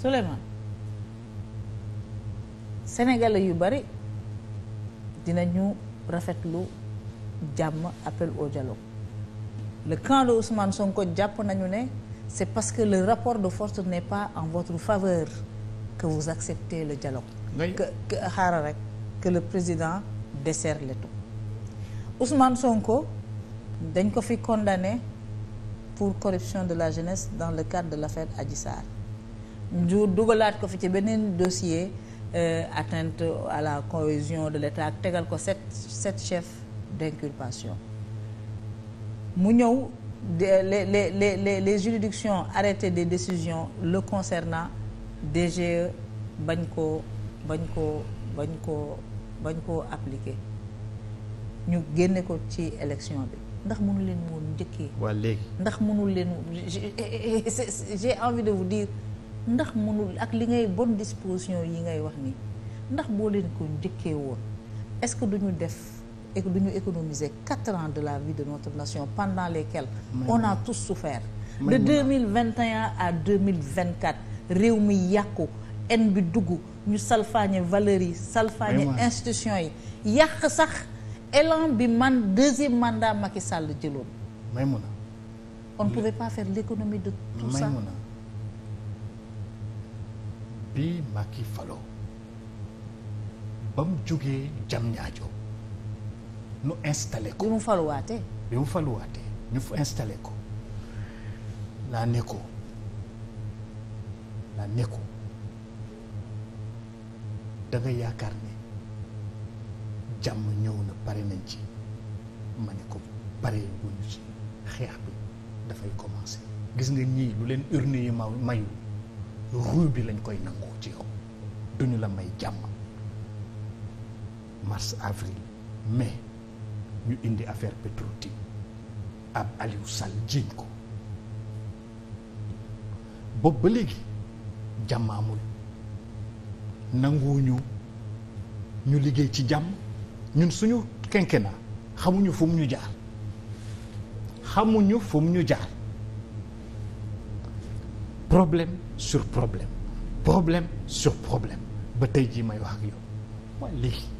Souleymane sénégalais yu bari dinañu rafetlu jàmm appel au dialogue le camp de Ousmane Sonko jàpp nañu ne c'est parce que le rapport de force n'est pas en votre faveur que vous acceptez le dialogue oui. que que xaaral rek que le président desserre le tout Ousmane Sonko dañ ko fi condamné pour corruption de la jeunesse dans le cadre de l'affaire Adji Sarr du dugalaat ko fi ci beneen dossier euh, atteinte à la cohésion de l'État tegal ko sept sept chefs d'inculpation mu ñëw le les les les les juridictions arrêtées des décisions le concernant DGE bañ ko bañ ko bañ ko bañ ko appliquer ñu génne ko ci élection bi ndax mënu leen woon njëkkee. waaw léegi ndax mënul leen j'ai envie de vous dire. ndax mënul ak li ngay bon disposition yi ngay wax ni ndax boo leen ko njëkkee woon est-ce que du ñu def et duñu économiser quatre ans de la vie de notre nation pendant lesquels on a tous souffert de 2021 à 2024 réew mi yàqu en bi dugg ñu salfaañe valeurs yi salfaañe institution yi yàq sax élan bi man deuxième mandat Macky Sall jëloon Maïmouna on ne pas faire l'économie de tout ça bi Macky falo ba mu jógee jam ñaajo nu installé ko. bi mu faluwaatee. bi mu faluwaatee ñu fa installé ko laa ne ko laa ne ko da yaakaar ne jàmm ñëw na pare nañ ci ma ne ko pare bu ñu ci xeex bi dafay commencé. gis nga ñii lu leen urne yi ma mayu. ruu bi lañ koy nangoo ci yow duñu la may jàmm mars avril mais ñu indi affaire Petro-Tim ab Aliou Sall jiiñ ko boobu ba léegi jàmm amul nanguwuñu ñu liggéey ci jàmm ñun suñu kenke na xamuñu fu mu ñu jaar xamuñu fu mu ñu jaar problème sur problème problème sur problème ba tey jii may wax ak yow waa